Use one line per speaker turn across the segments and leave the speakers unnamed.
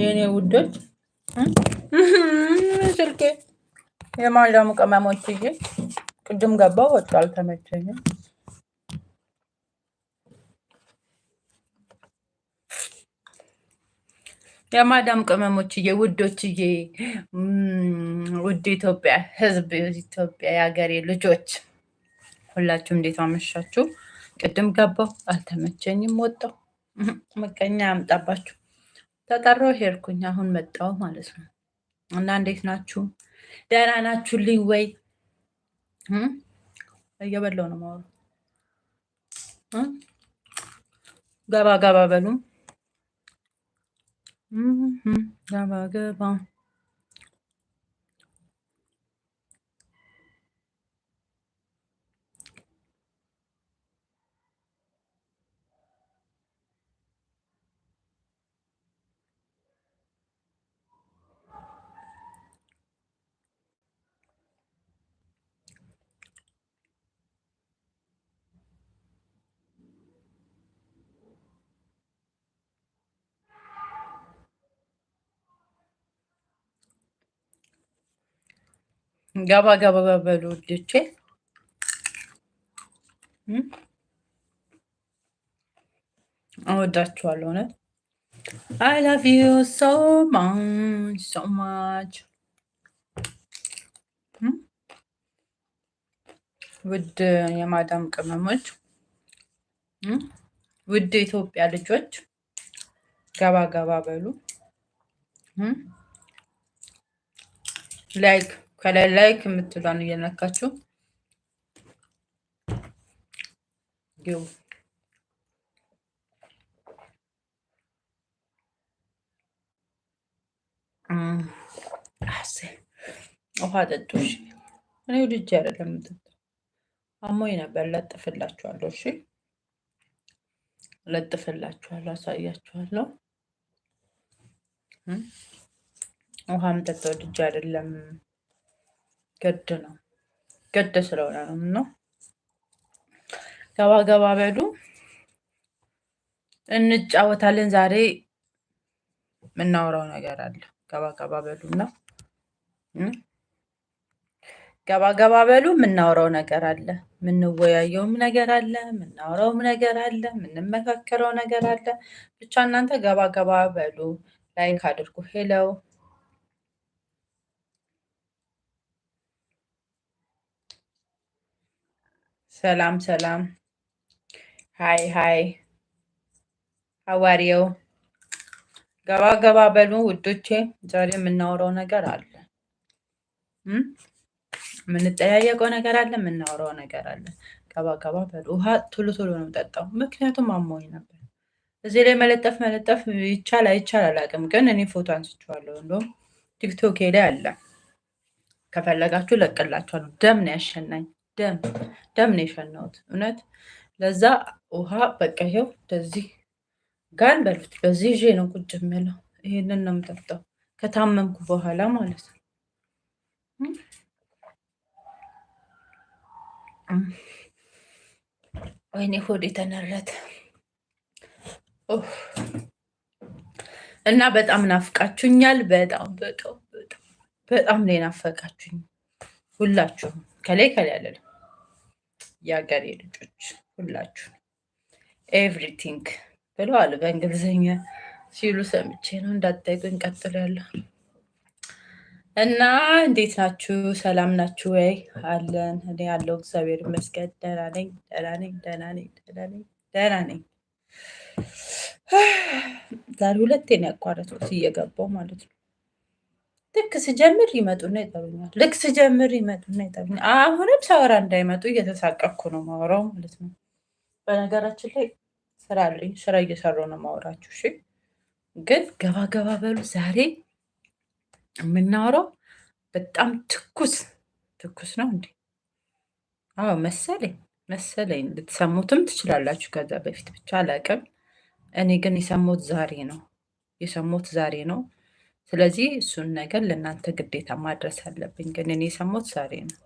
የእኔ ውዶች ስልኬ የማዳሙ ቅመሞች እዬ ቅድም ገባው ወጡ አልተመቸኝም። የማዳም ቅመሞችዬ ውዶችዬ ውድ ኢትዮጵያ ሕዝብ ኢትዮጵያ የሀገሬ ልጆች ሁላችሁ እንዴት አመሻችሁ? ቅድም ገባው አልተመቸኝም፣ ወጣው ምቀኛ ያምጣባችሁ። ተጠራው ሄድኩኝ። አሁን መጣው ማለት ነው። እና እንዴት ናችሁ? ደህና ናችሁልኝ ወይ? እየበላው ነው ማወሩ። ገባ ገባ በሉ ገባ ገባ ገባ ገባ በሉ ውዶቼ። እወዳችኋለሁ። እውነት አይ ላቭ ዩ ሶ ማች ሶ ማች ውድ የማዳም ቅመሞች፣ ውድ ኢትዮጵያ ልጆች ገባ ገባ በሉ ላይክ ከላይ ላይክ የምትሏን እየነካችሁ ግቡ። ውሃ ጠጡ። እሺ፣ እኔ ልጅ አይደለም የምጠጣው አሞኝ ነበር። ለጥፍላችኋለሁ። እሺ፣ ለጥፍላችኋለሁ፣ አሳያችኋለሁ። ውሃም ጠጣው ልጅ አይደለም። ግድ ነው። ግድ ስለሆነ ነው። ገባ ገባ በሉ እንጫወታለን። ዛሬ የምናወራው ነገር አለ። ገባ ገባ በሉ በሉና ገባ ገባ በሉ። የምናወራው ነገር አለ። የምንወያየውም ነገር አለ። የምናወራውም ነገር አለ። የምንመካከረው ነገር አለ። ብቻ እናንተ ገባ ገባ በሉ። ላይክ አድርጉ። ሄለው ሰላም ሰላም። ሀይ ሀይ ሀዋሪው ገባ ገባ በሉ ውዶቼ። ዛሬ የምናወራው ነገር አለ፣ የምንጠያየቀው ነገር አለ፣ የምናወራው ነገር አለ። ገባ ገባ በሉ። ውሃ ቶሎ ቶሎ ነው ጠጣው፣ ምክንያቱም አሞኝ ነበር። እዚህ ላይ መለጠፍ መለጠፍ ይቻል አይቻል አላውቅም፣ ግን እኔ ፎቶ አንስቼዋለሁ። እንደውም ቲክቶክ ላይ አለ፣ ከፈለጋችሁ ለቅላችኋለሁ። ደም ነው ያሸናኝ። ደም ደም ነው የሸናሁት። እውነት ለዛ ውሃ በቃ ይኸው እንደዚህ ጋን በልፍት በዚህ ይዤ ነው ቁጭ የሚለው። ይህንን ነው የምጠጣው ከታመምኩ በኋላ ማለት ነው። ወይኔ ሆድ የተነረት እና በጣም ናፍቃችሁኛል። በጣም በጣም በጣም ነው የናፈቃችሁኝ ሁላችሁም። ከላይ ከላይ አለለም የአገሬ ልጆች ሁላችሁ ኤቭሪቲንግ ብለዋል በእንግሊዝኛ ሲሉ ሰምቼ ነው። እንዳትጠይቁኝ ቀጥሎ ያለው እና እንዴት ናችሁ? ሰላም ናችሁ ወይ? አለን እኔ ያለው እግዚአብሔር ይመስገን ደህና ነኝ፣ ደህና ነኝ፣ ደህና ነኝ፣ ደህና ነኝ፣ ደህና ነኝ። ዛሬ ሁለቴ ነው ያቋረጥኩት እየገባው ማለት ነው። ልክ ስጀምር ይመጡና ይጠሩኛል። ልክ ስጀምር ይመጡና ይጠሩኛል። አሁንም ሳወራ እንዳይመጡ እየተሳቀኩ ነው ማውራው ማለት ነው። በነገራችን ላይ ስራ አለኝ። ስራ እየሰራሁ ነው ማውራችሁ። እሺ፣ ግን ገባ ገባ በሉ። ዛሬ የምናወራው በጣም ትኩስ ትኩስ ነው እንዴ? አዎ መሰለኝ መሰለኝ። ልትሰሙትም ትችላላችሁ ከዛ በፊት ብቻ አላቅም። እኔ ግን የሰሙት ዛሬ ነው የሰሙት ዛሬ ነው ስለዚህ እሱን ነገር ለእናንተ ግዴታ ማድረስ አለብኝ። ግን እኔ የሰማሁት ዛሬ ነው።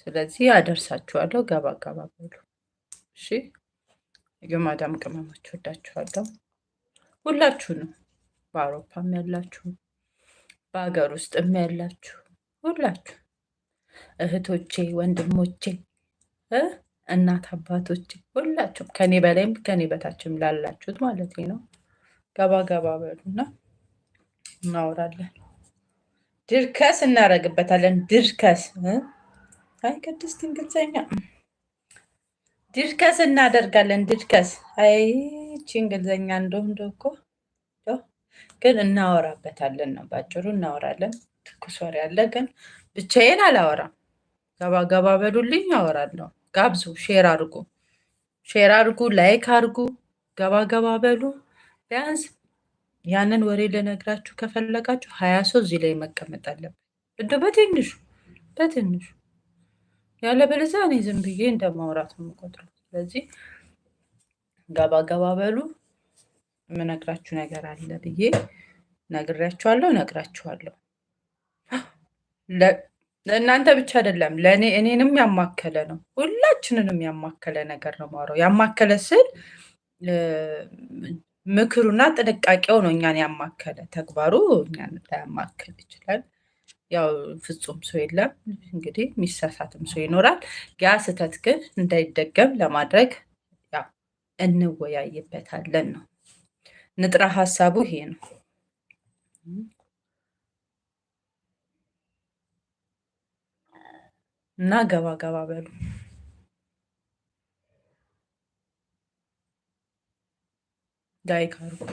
ስለዚህ አደርሳችኋለሁ። ገባ ገባ በሉ እሺ። የማዳም ቅመሞች ወዳችኋለሁ፣ ነው በአውሮፓም ያላችሁ በሀገር ውስጥም ያላችሁ ሁላችሁ እህቶቼ፣ ወንድሞቼ፣ እናት አባቶቼ፣ ሁላችሁም ከኔ በላይም ከኔ በታችም ላላችሁት ማለት ነው። ገባ ገባ በሉና እናወራለን። ድርከስ እናደርግበታለን። ድርከስ አይ ቅድስት እንግሊዝኛ ድርከስ እናደርጋለን። ድርከስ አይ ይቺ እንግሊዝኛ እንደው እንደው እኮ ግን እናወራበታለን ነው ባጭሩ፣ እናወራለን። ትኩስ ወሬ አለ፣ ግን ብቻዬን አላወራም። ገባ ገባ በሉልኝ አወራለሁ። ጋብዙ፣ ሼር አድርጉ፣ ሼር አድርጉ፣ ላይክ አድርጉ፣ ገባ ገባ በሉ ቢያንስ ያንን ወሬ ልነግራችሁ ከፈለጋችሁ ሀያ ሰው እዚህ ላይ መቀመጥ አለብን። እንደ በትንሹ በትንሹ ያለበለዚያ እኔ ዝም ብዬ እንደ ማውራት ነው የምቆጥረው። ስለዚህ ገባ ገባ በሉ። የምነግራችሁ ነገር አለ ብዬ ነግሬያችኋለሁ፣ ነግራችኋለሁ። ለእናንተ ብቻ አይደለም ለእኔ እኔንም ያማከለ ነው፣ ሁላችንንም ያማከለ ነገር ነው ማውራው። ያማከለ ስል ምክሩና ጥንቃቄው ነው እኛን ያማከለ። ተግባሩ እኛን ላያማከል ይችላል። ያው ፍጹም ሰው የለም እንግዲህ የሚሳሳትም ሰው ይኖራል። ያ ስህተት ግን እንዳይደገም ለማድረግ እንወያይበታለን ነው ንጥረ ሀሳቡ ይሄ ነው። እና ገባ ገባ በሉ። guy Kharu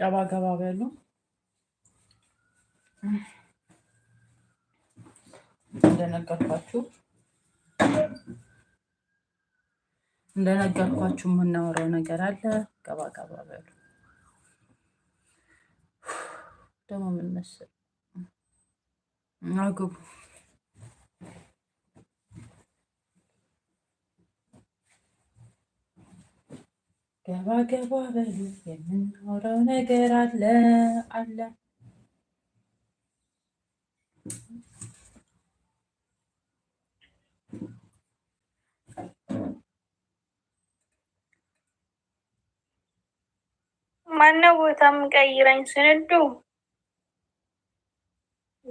ገባ ገባ በሉ። እንደነገርኳችሁ እንደነገርኳችሁ የምናወራው ነገር አለ። ገባ ገባ በሉ። ደግሞ ምን መሰል አግቡ ገባ ገባ በሉ የምናወራው ነገር አለ አለ። ማነው ቦታም ቀይረኝ ስንዱ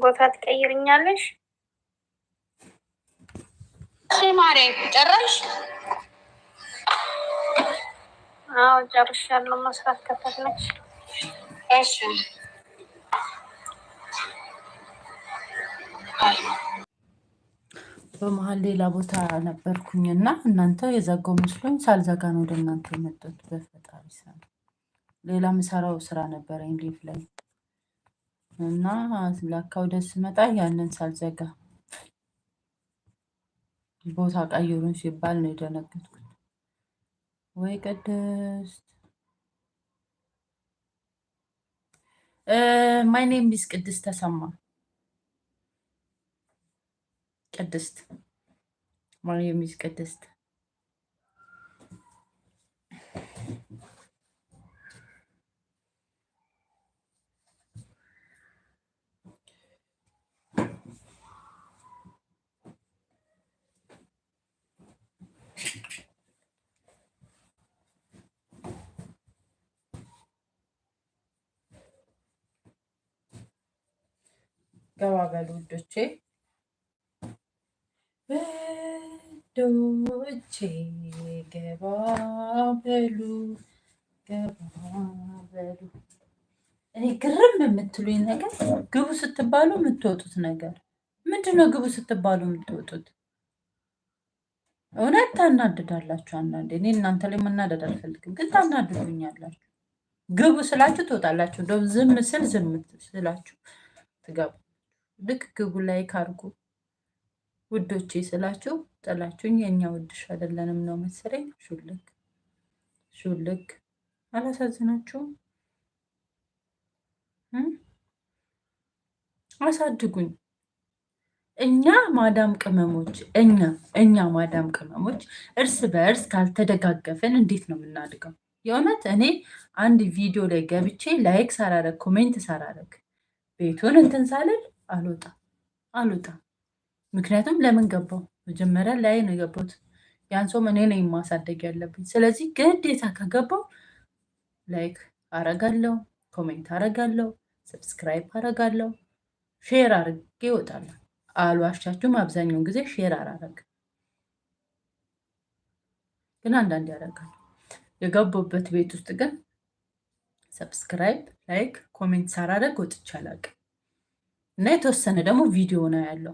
ቦታ ትቀይርኛለሽ? ማሬ ጨረሽ? አዎ ጨርሻለሁ። መስራት ከፈለግሽ እሺ። በመሀል ሌላ ቦታ ነበርኩኝ እና እናንተ የዘጋው መስሎኝ ሳልዘጋ ነው ወደ እናንተ የመጡት። በፈጣሪ ሰው ሌላ ምሰራው ስራ ነበረኝ ሊቭ ላይ እና ላካ ወደ ስመጣ ያንን ሳልዘጋ ቦታ ቀይሩን ሲባል ነው የደነገጥኩት። Wake a uh, my name is Kedista Sama. Kedist. My name is Kedista. ገባ ውዶቼ እኔ ግርም የምትሉኝ ነገር ግቡ ስትባሉ የምትወጡት ነገር ምንድን ነው? ግቡ ስትባሉ የምትወጡት እውነት ታናድዳላችሁ። አንዳንዴ እኔ እናንተ ላይ መናደድ አልፈልግም፣ ግን ታናድዱኛላችሁ። ግቡ ስላችሁ ትወጣላችሁ። እንደውም ዝም ስል ዝም ስላችሁ ትገቡ ልክ ግቡ ላይ ካርጉ ውዶቼ ስላችሁ ጥላችሁኝ የእኛ ውድሽ አይደለንም ነው መሰለኝ። ሹልክ ሹልክ አላሳዝናችሁም? አሳድጉኝ። እኛ ማዳም ቅመሞች እኛ እኛ ማዳም ቅመሞች እርስ በእርስ ካልተደጋገፈን እንዴት ነው የምናድገው? የእውነት እኔ አንድ ቪዲዮ ላይ ገብቼ ላይክ ሳራረግ ኮሜንት ሳራረግ ቤቱን እንትን ሳልል አልወጣ አልወጣ። ምክንያቱም ለምን ገባው? መጀመሪያ ላይ ነው የገባት። ያን ሰው እኔ ነኝ ማሳደግ ያለብኝ። ስለዚህ ግዴታ ከገባው ላይክ አረጋለሁ፣ ኮሜንት አረጋለሁ፣ ሰብስክራይብ አረጋለሁ፣ ሼር አድርጌ ይወጣል። አልዋሻችሁም፣ አብዛኛውን ጊዜ ሼር አላረግም፣ ግን አንዳንድ ያደርጋል። የገቡበት ቤት ውስጥ ግን ሰብስክራይብ፣ ላይክ፣ ኮሜንት ሳራረግ ወጥቼ አላውቅም። እና የተወሰነ ደግሞ ቪዲዮ ነው ያለው።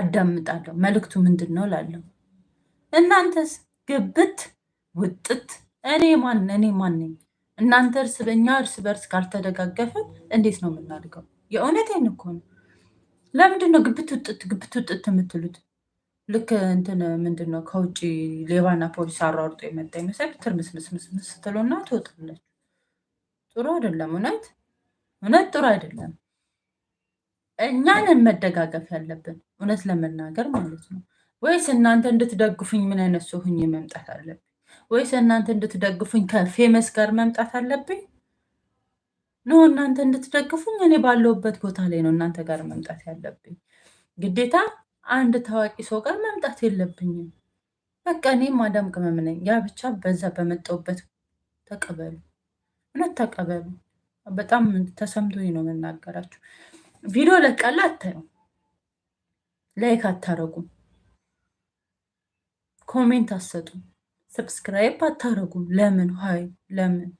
አዳምጣለሁ። መልእክቱ ምንድን ነው ላለው። እናንተስ ግብት ውጥት እኔ ማን እኔ ማን ነኝ? እናንተ እርስ በእኛ እርስ በርስ ካልተደጋገፍን እንዴት ነው የምናድገው? የእውነቴን እኮ ነው። ለምንድን ነው ግብት ውጥት ግብት ውጥት የምትሉት? ልክ እንትን ምንድን ነው ከውጭ ሌባና ፖሊስ አሯርጦ የመጣ ይመስል ትርምስምስምስ ስትሉና ትወጣላችሁ። ጥሩ አይደለም። እውነት እውነት ጥሩ አይደለም። እኛንን መደጋገፍ ያለብን እውነት ለመናገር ማለት ነው። ወይስ እናንተ እንድትደግፉኝ ምን አይነት ሰው መምጣት አለብኝ? ወይስ እናንተ እንድትደግፉኝ ከፌመስ ጋር መምጣት አለብኝ? ኖ እናንተ እንድትደግፉኝ እኔ ባለሁበት ቦታ ላይ ነው እናንተ ጋር መምጣት ያለብኝ። ግዴታ አንድ ታዋቂ ሰው ጋር መምጣት የለብኝም። በቃ እኔ ማዳም ቅመም ነኝ። ያ ብቻ በዛ በመጣሁበት ተቀበሉ፣ እውነት ተቀበሉ። በጣም ተሰምቶኝ ነው መናገራችሁ። ቪዲዮ ለቃላ አታዩ፣ ላይክ አታረጉም፣ ኮሜንት አሰጡም ሰብስክራይብ አታረጉም። ለምን ሀይ ለምን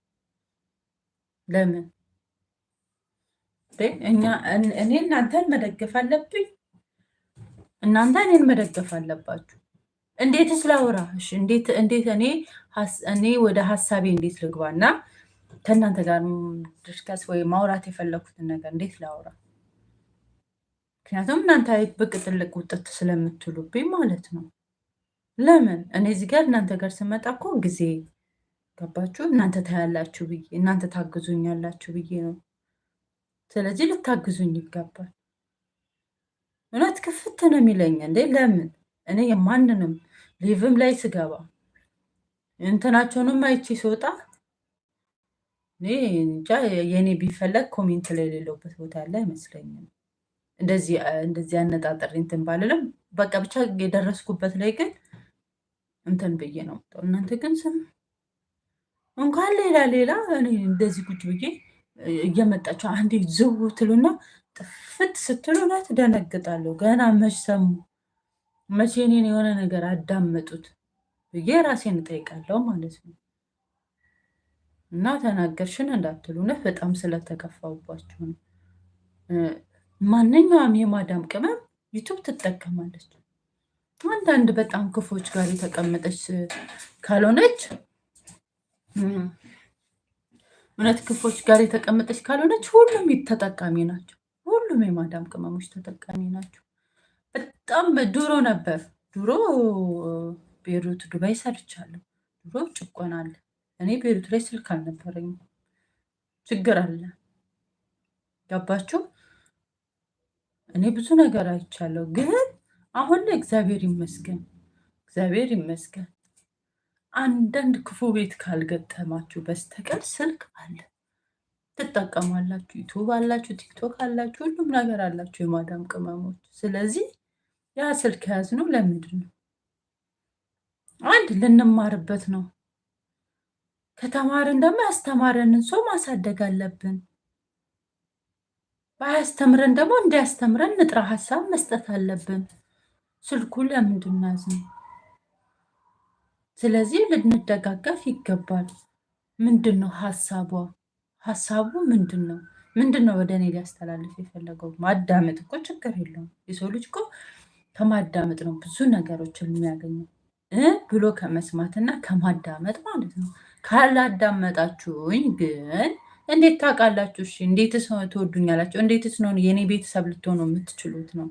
ለምን? እኛ እኔ እናንተን መደገፍ አለብኝ፣ እናንተ እኔን መደገፍ አለባችሁ። እንዴት እሺ፣ እንዴት እንዴት እኔ እኔ ወደ ሀሳቤ እንዴት ልግባና ከእናንተ ጋር ድርከስ ወይ ማውራት የፈለኩትን ነገር እንዴት ላውራ? ምክንያቱም እናንተ አይት ብቅ ጥልቅ ውጥት ስለምትሉብኝ ማለት ነው። ለምን እኔ እዚህ ጋር እናንተ ጋር ስመጣ እኮ ጊዜ ገባችሁ፣ እናንተ ታያላችሁ ብዬ እናንተ ታግዙኝ ያላችሁ ብዬ ነው። ስለዚህ ልታግዙኝ ይገባል። እውነት ክፍት ነው የሚለኝ እንዴ? ለምን እኔ የማንንም ሊቭም ላይ ስገባ እንትናቸውንም አይቼ ስወጣ እኔ እንጃ የእኔ ቢፈለግ ኮሜንት ላይ የሌለውበት ቦታ ያለ አይመስለኝም። እንደዚህ እንደዚህ አነጣጠር እንትን ባልልም በቃ ብቻ የደረስኩበት ላይ ግን እንትን ብዬ ነው እናንተ ግን ስም እንኳን ሌላ ሌላ እንደዚህ ቁጭ ብዬ እየመጣቸው አንዴ ዝው ትሉና ጥፍት ስትሉ እውነት ደነግጣለሁ። ገና መች ሰሙ መቼ እኔን የሆነ ነገር አዳመጡት ብዬ ራሴን እጠይቃለሁ ማለት ነው። እና ተናገርሽን እንዳትሉ እውነት በጣም ስለተከፋውባቸው ነው። ማንኛውም የማዳም ቅመም ዩቱብ ትጠቀማለች። አንዳንድ በጣም ክፎች ጋር የተቀመጠች ካልሆነች እውነት ክፎች ጋር የተቀመጠች ካልሆነች ሁሉም ተጠቃሚ ናቸው። ሁሉም የማዳም ቅመሞች ተጠቃሚ ናቸው። በጣም ድሮ ነበር። ድሮ ቤሩት ዱባይ ሰርቻለሁ። ድሮ ጭቆና አለ። እኔ ቤሩት ላይ ስልክ አልነበረኝም። ችግር አለ። ገባችሁ? እኔ ብዙ ነገር አይቻለሁ፣ ግን አሁን ላይ እግዚአብሔር ይመስገን፣ እግዚአብሔር ይመስገን አንዳንድ ክፉ ቤት ካልገጠማችሁ በስተቀር ስልክ አለ፣ ትጠቀማላችሁ፣ ዩቱብ አላችሁ፣ ቲክቶክ አላችሁ፣ ሁሉም ነገር አላችሁ የማዳም ቅመሞች። ስለዚህ ያ ስልክ የያዝነው ለምንድን ነው? አንድ ልንማርበት ነው። ከተማርን ደግሞ ያስተማረንን ሰው ማሳደግ አለብን። ባያስተምረን ደግሞ እንዲያስተምረን ንጥረ ሀሳብ መስጠት አለብን። ስልኩ ለምንድናዝ ነው? ስለዚህ ልንደጋገፍ ይገባል። ምንድን ነው ሀሳቧ? ሀሳቡ ምንድን ነው? ምንድን ነው ወደ እኔ ሊያስተላልፍ የፈለገው? ማዳመጥ እኮ ችግር የለውም። የሰው ልጅ እኮ ከማዳመጥ ነው ብዙ ነገሮችን የሚያገኘው ብሎ ከመስማትና ከማዳመጥ ማለት ነው። ካላዳመጣችሁኝ ግን እንዴት ታውቃላችሁ? እሺ እንዴትስ ትወዱኛላችሁ? እንዴትስ ነው የኔ ቤተሰብ ልትሆኑ የምትችሉት? ነው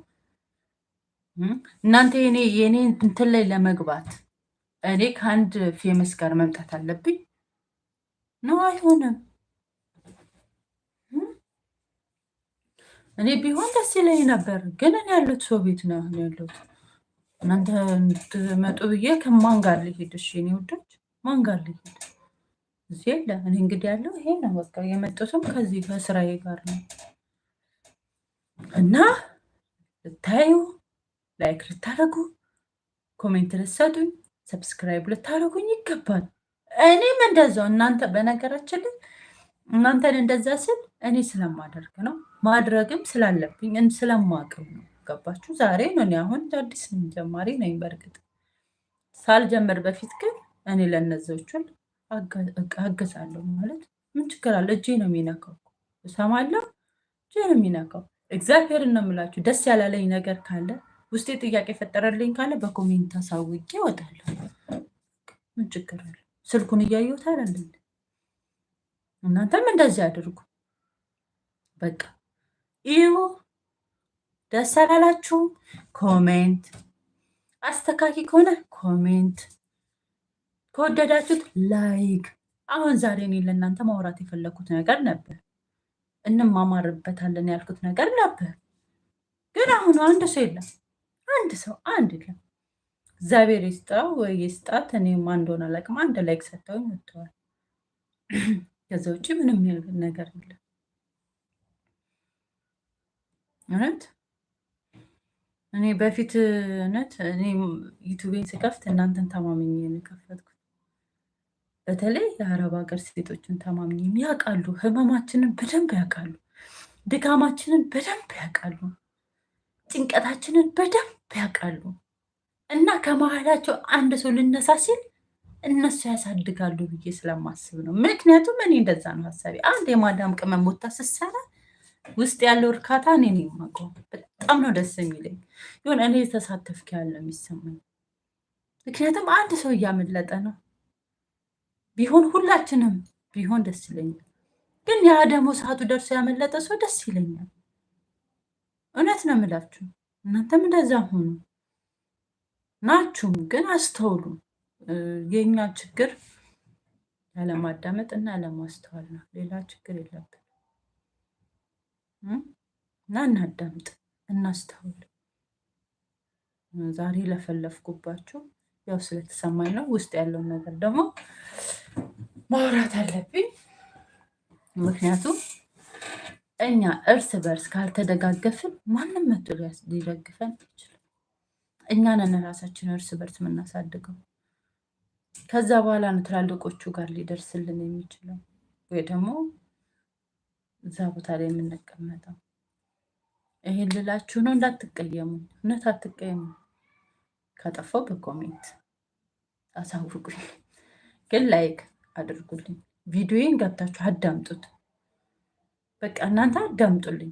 እናንተ የኔ የኔ እንትን ላይ ለመግባት እኔ ከአንድ ፌመስ ጋር መምጣት አለብኝ ነው? አይሆንም። እኔ ቢሆን ደስ ይለኝ ነበር፣ ግን እኔ ያሉት ሰው ቤት ነው ያሉት። እናንተ መጡ ብዬ ከማን ጋር ልሄድ? እሺ እኔ ወዳች ማን ጋር ልሄድ እዚህ የለ እኔ እንግዲህ ያለው ይሄ ነው። በቃ የመጡትም ከዚህ ከስራዬ ጋር ነው እና ልታዩ ላይክ ልታደርጉ ኮሜንት ልትሰጡኝ ሰብስክራይብ ልታደርጉኝ ይገባል። እኔም እንደዛው እናንተ በነገራችን ላይ እናንተን እንደዛ ስል እኔ ስለማደርግ ነው ማድረግም ስላለብኝ ስለማቅም ነው። ገባችሁ? ዛሬ ነው እኔ አሁን አዲስ ጀማሪ ነኝ። በእርግጥ ሳልጀምር በፊት ግን እኔ ለነዚዎቹን አገዛለሁ ማለት ምን ችግር አለ? እጄ ነው የሚነካው፣ እሰማለሁ። እጄ ነው የሚነካው። እግዚአብሔር ነው የምላችሁ። ደስ ያላለኝ ነገር ካለ ውስጤ ጥያቄ የፈጠረልኝ ካለ በኮሜንት አሳውቄ እወጣለሁ። ምን ችግር አለ? ስልኩን እያየሁት አይደለም። እናንተም እንደዚህ አድርጉ። በቃ ይሁ ደስ አላላችሁ፣ ኮሜንት አስተካኪ ከሆነ ኮሜንት ከወደዳችሁት ላይክ። አሁን ዛሬ እኔ ለእናንተ ማውራት የፈለግኩት ነገር ነበር፣ እንማማርበታለን ያልኩት ነገር ነበር። ግን አሁኑ አንድ ሰው የለም፣ አንድ ሰው አንድ የለም። እግዚአብሔር ይስጠው ወይ ይስጣት። እኔም አንዶን አላቅም። አንድ ላይክ ሰጥተውኝ ወጥተዋል። ከዛ ውጭ ምንም ነገር የለም። እውነት እኔ በፊት እውነት እኔ ዩቱቤን ስከፍት እናንተን ታማምኝ የሚከፈት በተለይ የአረብ ሀገር ሴቶችን ተማምኝ ያውቃሉ። ህመማችንን በደንብ ያውቃሉ። ድካማችንን በደንብ ያውቃሉ። ጭንቀታችንን በደንብ ያውቃሉ። እና ከመሀላቸው አንድ ሰው ልነሳ ሲል እነሱ ያሳድጋሉ ብዬ ስለማስብ ነው። ምክንያቱም እኔ እንደዛ ነው ሀሳቤ። አንድ የማዳም ቅመም ቦታ ስሰራ ውስጥ ያለው እርካታ እኔ ነው የማውቀው። በጣም ነው ደስ የሚለኝ ይሆን እኔ የተሳተፍክ ያለው የሚሰማኝ ምክንያቱም አንድ ሰው እያመለጠ ነው ቢሆን ሁላችንም ቢሆን ደስ ይለኛል። ግን ያ ደግሞ ሰዓቱ ደርሶ ያመለጠ ሰው ደስ ይለኛል። እውነት ነው የምላችሁ። እናንተም እንደዛ ሆኑ ናችሁም፣ ግን አስተውሉ። የእኛ ችግር ያለማዳመጥ እና ያለማስተዋል ነው። ሌላ ችግር የለብን እና እናዳምጥ፣ እናስተውል። ዛሬ ለፈለፍኩባችሁ ያው ስለተሰማኝ ነው። ውስጥ ያለውን ነገር ደግሞ ማውራት አለብኝ። ምክንያቱም እኛ እርስ በርስ ካልተደጋገፍን ማንም መቶ ሊደግፈን አይችልም። እኛ ነን ራሳችን እርስ በርስ የምናሳድገው። ከዛ በኋላ ነው ትላልቆቹ ጋር ሊደርስልን የሚችለው ወይ ደግሞ እዛ ቦታ ላይ የምንቀመጠው። ይሄን ልላችሁ ነው። እንዳትቀየሙ፣ እውነት አትቀየሙ። ከጠፋው በኮሜንት አሳውቁኝ፣ ግን ላይክ አድርጉልኝ። ቪዲዮን ገብታችሁ አዳምጡት። በቃ እናንተ አዳምጡልኝ።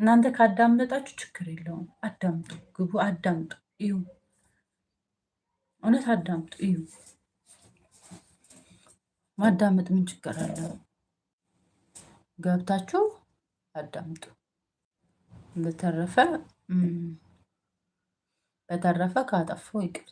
እናንተ ካዳመጣችሁ ችግር የለውም። አዳምጡ፣ ግቡ፣ አዳምጡ፣ እዩ። እውነት አዳምጡ፣ እዩ። ማዳመጥ ምን ችግር አለው? ገብታችሁ አዳምጡ። በተረፈ በተረፈ ካጠፋው ይቅር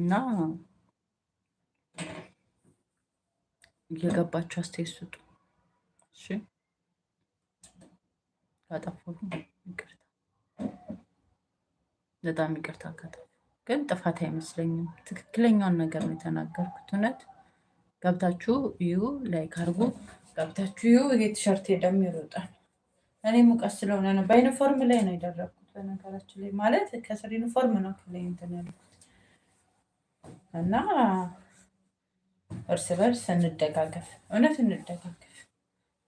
እና እየገባችሁ አስተያየት ስጡ። እሺ ካጠፋሁ ይቅርታ፣ በጣም ይቅርታ። ከጠፋሁ ግን ጥፋት አይመስለኝም። ትክክለኛውን ነገር ነው የተናገርኩት። እውነት ገብታችሁ እዩ፣ ላይክ አድርጉ። ገብታችሁ እዩ። ይሄ ቲሸርት ደም ይሮጣል። እኔ ሙቀት ስለሆነ ነው። በዩኒፎርም ላይ ነው የደረግኩት። በነገራችን ላይ ማለት ከስር ዩኒፎርም ነው ከላይ እንትን ያልኩት እና እርስ በርስ እንደጋገፍ፣ እውነት እንደጋገፍ።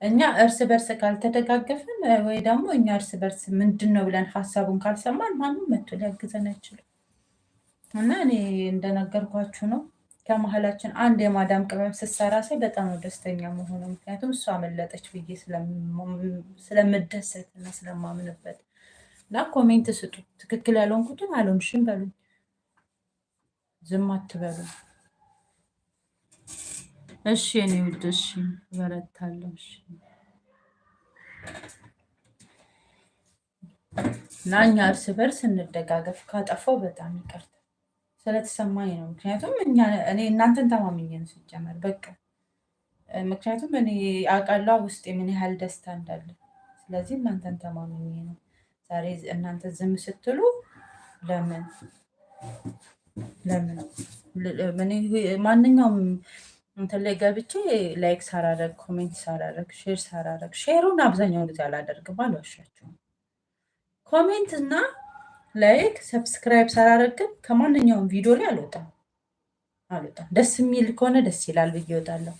እኛ እርስ በርስ ካልተደጋገፍን ወይ ደግሞ እኛ እርስ በርስ ምንድን ነው ብለን ሀሳቡን ካልሰማን ማንም መቶ ሊያግዘን አይችልም። እና እኔ እንደነገርኳችሁ ነው ከመሀላችን አንድ የማዳም ቅመም ስትሰራ ሳይ በጣም ደስተኛ መሆኑ። ምክንያቱም እሷ አመለጠች ብዬ ስለምደሰት እና ስለማምንበት እና ኮሜንት ስጡ። ትክክል ያልሆንኩትን አልሆንሽም በሉኝ። ዝም አትበሉ። እሺ እኔ ውድ፣ እሺ እበረታለሁ። እሺ እና እኛ እርስ በርስ እንደጋገፍ። ካጠፋው በጣም ይቅርታ ስለተሰማኝ ነው። ምክንያቱም እኔ እናንተን ተማምኜ ነው ሲጀመር በቃ ምክንያቱም እኔ አውቃለሁ ውስጥ የምን ያህል ደስታ እንዳለ። ስለዚህ እናንተን ተማምኜ ነው ዛሬ እናንተ ዝም ስትሉ ለምን ለምን ማንኛውም እንትን ላይ ገብቼ ላይክ ሳላደርግ ኮሜንት ሳላደርግ ሼር ሳላደርግ ሼሩን አብዛኛውን ጊዜ አላደርግም፣ አልዋሻችሁም። ኮሜንት እና ላይክ ሰብስክራይብ ሳላደርግ ግን ከማንኛውም ቪዲዮ ላይ አልወጣም አልወጣም። ደስ የሚል ከሆነ ደስ ይላል ብዬ እወጣለሁ።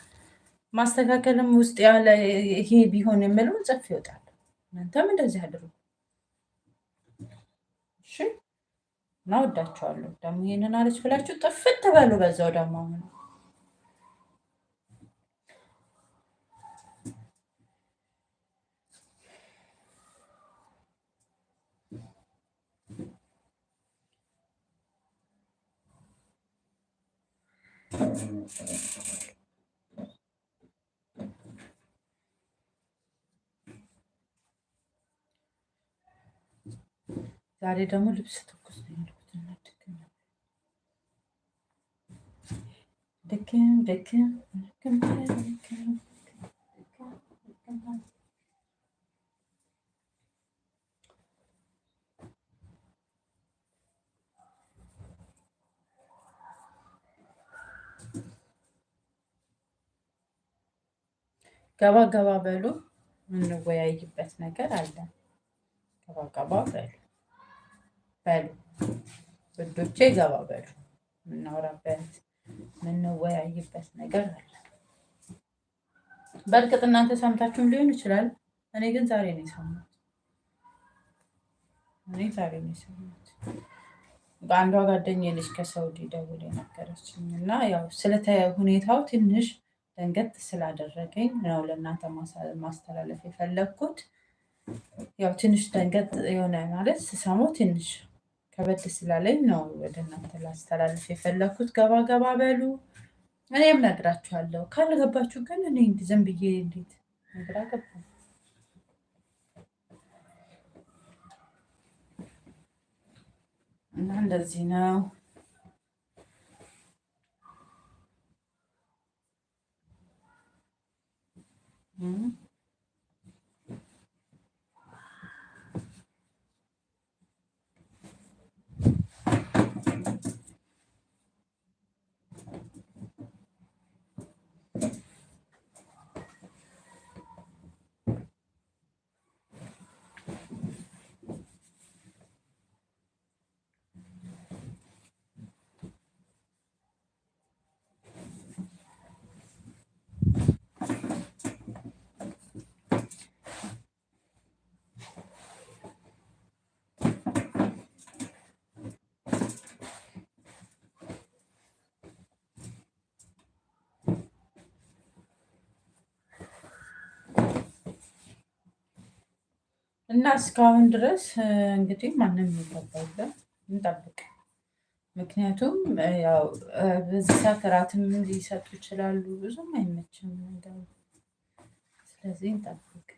ማስተካከልም ውስጥ ያለ ይሄ ቢሆን የምለውን ጽፍ ይወጣል። እናንተም እንደዚህ አድርጉ። እና ወዳችኋለሁ። ደግሞ ይህንን አለች ብላችሁ ጥፍት በሉ። በዛው ደግሞ አሁን ዛሬ ደግሞ ልብስ ትኩስ ነው። ድክም ድክም ገባ ገባ በሉ የምንወያይበት ነገር አለ። ገባ ገባ በሉ በሉ ውዶቼ ገባ በሉ የምናወራበት የምንወያይበት ነገር አለ። በእርግጥ እናንተ ሰምታችሁም ሊሆን ይችላል። እኔ ግን ዛሬ ነው የሰማሁት። እኔ ዛሬ ነው የሰማሁት። በአንዷ ጓደኛ ልጅ ከሳውዲ ደውላ የነገረችኝ እና ያው ስለተ ሁኔታው ትንሽ ደንገት ስላደረገኝ ነው ለእናንተ ማስተላለፍ የፈለግኩት። ያው ትንሽ ደንገት የሆነ ማለት ስሰሙ ትንሽ ከበድ ስላለኝ ነው ወደ እናንተ ላስተላልፍ የፈለኩት። ገባ ገባ በሉ እኔም ነግራችኋለሁ። ካልገባችሁ ግን እኔ ዝም ብዬ እንዴት ነግራ ገባ እና እንደዚህ ነው እና እስካሁን ድረስ እንግዲህ ማንም የሚገባለ እንጠብቅ። ምክንያቱም ያው በዚህ ሰዓት እራትም ሊሰጡ ይችላሉ። ብዙም አይመችም ነገሩ። ስለዚህ እንጠብቅ።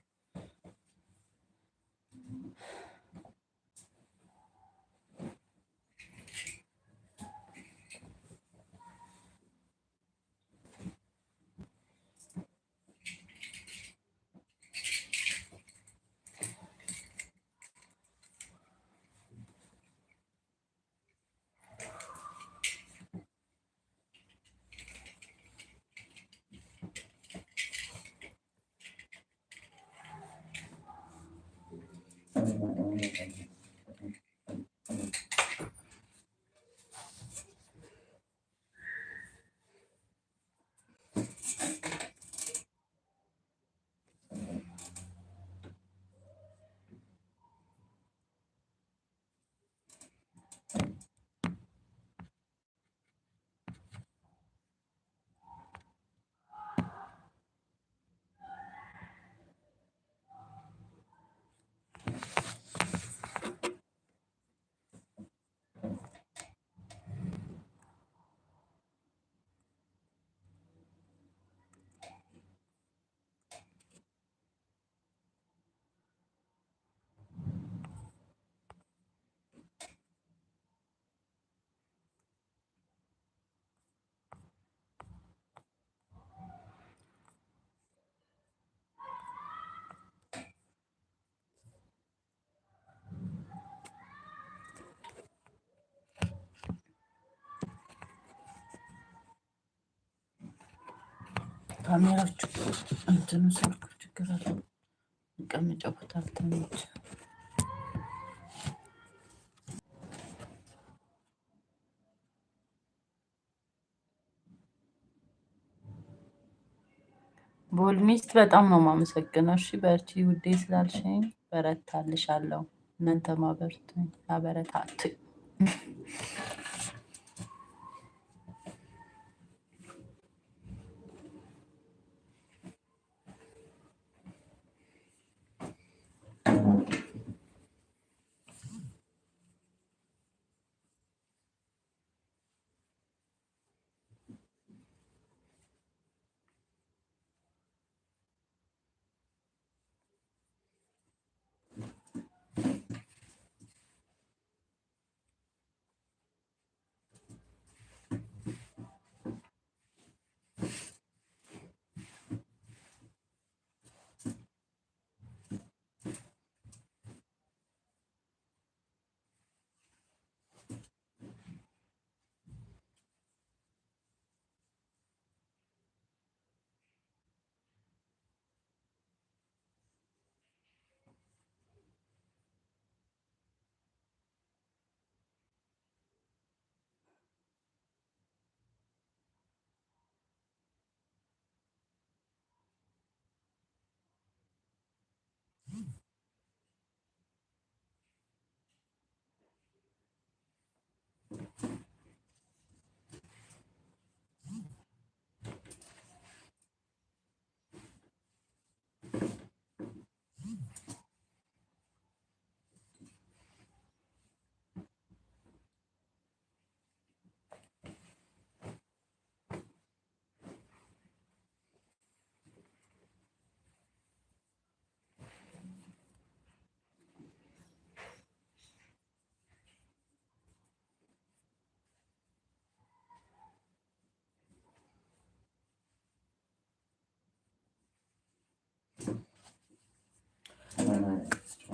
ካሜራችሁ እንትኑ ስልኩ ችግር አለ። መቀመጫ ቦታ አልተመቸ። ቦል ሚስት በጣም ነው የማመሰግነው። እሺ በርቺ ውዴ ስላልሽኝ በረታልሽ አለው። እናንተ ማበርቱ አበረታቱ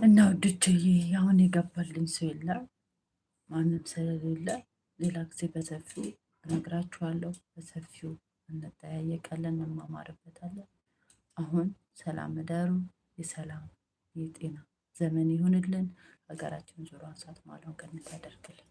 እና ውዶችዬ አሁን የገባልኝ ሰው የለ፣ ማንም ስለሌለ ሌላ ጊዜ በሰፊው እነግራችኋለሁ። በሰፊው እንጠያየቃለን፣ እንማማርበታለን። አሁን ሰላም እደሩ። የሰላም የጤና ዘመን ይሁንልን። ሀገራችን ዙሮ አንሳት ማለውን ቀነት ያደርግልን።